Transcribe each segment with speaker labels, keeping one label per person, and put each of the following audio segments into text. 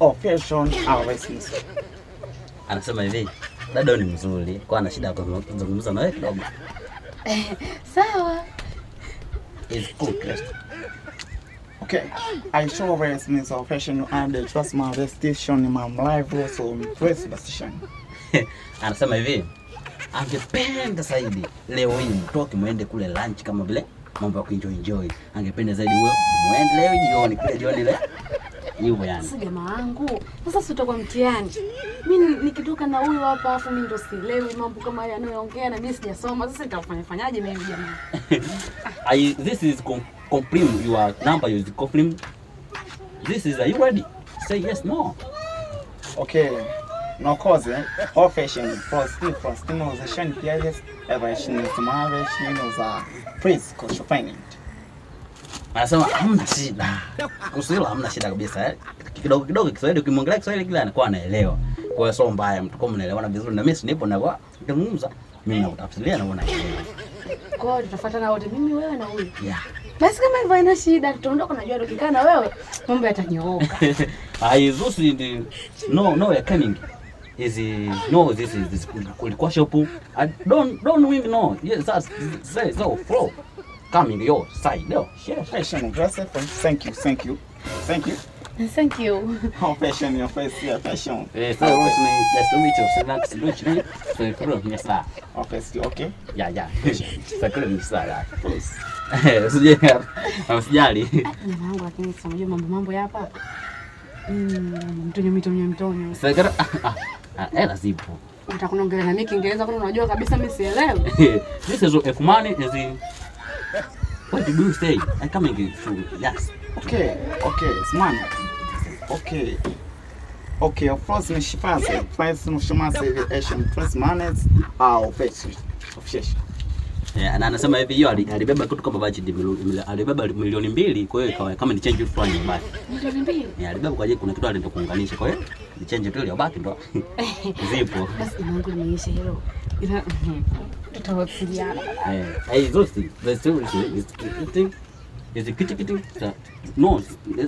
Speaker 1: occasion oh, harassment.
Speaker 2: Ah, Anasema hivi, dado ni mzuri, kwa ana shida kuzungumza na wewe kidogo.
Speaker 3: Eh, sawa.
Speaker 2: Is good.
Speaker 1: Okay, I show various means of fashion and it was my destination in my life also first destination.
Speaker 2: Anasema hivi, angependa zaidi leo hii mtoke muende kule lunch kama vile mambo ya kuenjoy enjoy. Angependa zaidi wewe muende leo jioni kule jioni ile hivyo yani.
Speaker 3: Sasa jamaa wangu, sasa si utakuwa mtihani. Mimi nikitoka na huyu hapa afu mimi ndo sielewi mambo kama haya anayoongea na mimi sijasoma. Sasa nitafanya fanyaje mimi jamaa?
Speaker 2: I this is com confirm your number you is confirm. This is are you ready? Say yes no.
Speaker 1: Okay nokoze profession prosti prostimization piages evashinizmave shino za prince confinement
Speaker 2: anasema hamna shida kuhusu hilo, hamna shida kabisa eh? kidogo kidogo Kiswahili, ukimwangalia Kiswahili kila anakuwa anaelewa. Kwa hiyo sio mbaya, mtakuwa mnaelewana vizuri, na mimi nipo na kwa kuzungumza mimi na kutafsiria na unaelewa.
Speaker 3: Kwa hiyo tutafuatana wote, mimi wewe na huyu yeah. Basi kama hivyo haina shida, tutaondoka. Najua ukikaa na wewe mambo yatanyooka.
Speaker 2: ndio. no no ya coming hizi no this is this kulikuwa shopu don't don't wing no yes that's say so flow coming your side yo
Speaker 1: share fashion gracias thank you thank you thank you
Speaker 3: Thank you.
Speaker 1: Oh, fashion, your face, yeah, fashion.
Speaker 2: Eh, so what's my that's the so that's Sinak Solution? So you prove me star.
Speaker 1: Oh, face, okay?
Speaker 2: Yeah, yeah. So prove me star, please. Usije, eh, usijali.
Speaker 3: Mama wangu lakini sio mambo mambo hapa. Mm, mtonyo mtonyo mtonyo.
Speaker 2: Sasa Ah, hela zipo.
Speaker 3: Unataka kuongelea na mimi Kiingereza kwani unajua kabisa mimi sielewi.
Speaker 2: This is if money is What do you say? I come in Yes.
Speaker 1: Okay. Okay. It's Okay. Okay, of course ni shifaze. Price ni shumaze. Asian. Price money au uh, pesa. Official.
Speaker 2: Yeah, na anasema hivi hiyo alibeba kitu kama budget alibeba milioni mbili kwa hiyo ikawa kama ni change fulani ilibaki. Milioni mbili? Yeah, alibeba kwa ajili kuna kitu alienda kuunganisha kwa hiyo ni change tu ya baki ndo zipo.
Speaker 3: Basi Mungu niishe hilo. Ila mhm. tutawasiliana. Eh, hey, zote the story is kitu is kitu kitu no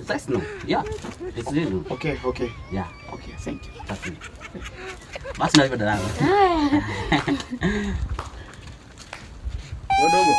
Speaker 3: that's no yeah it's zero okay okay yeah okay thank you basi na hivyo dadangu Bodoh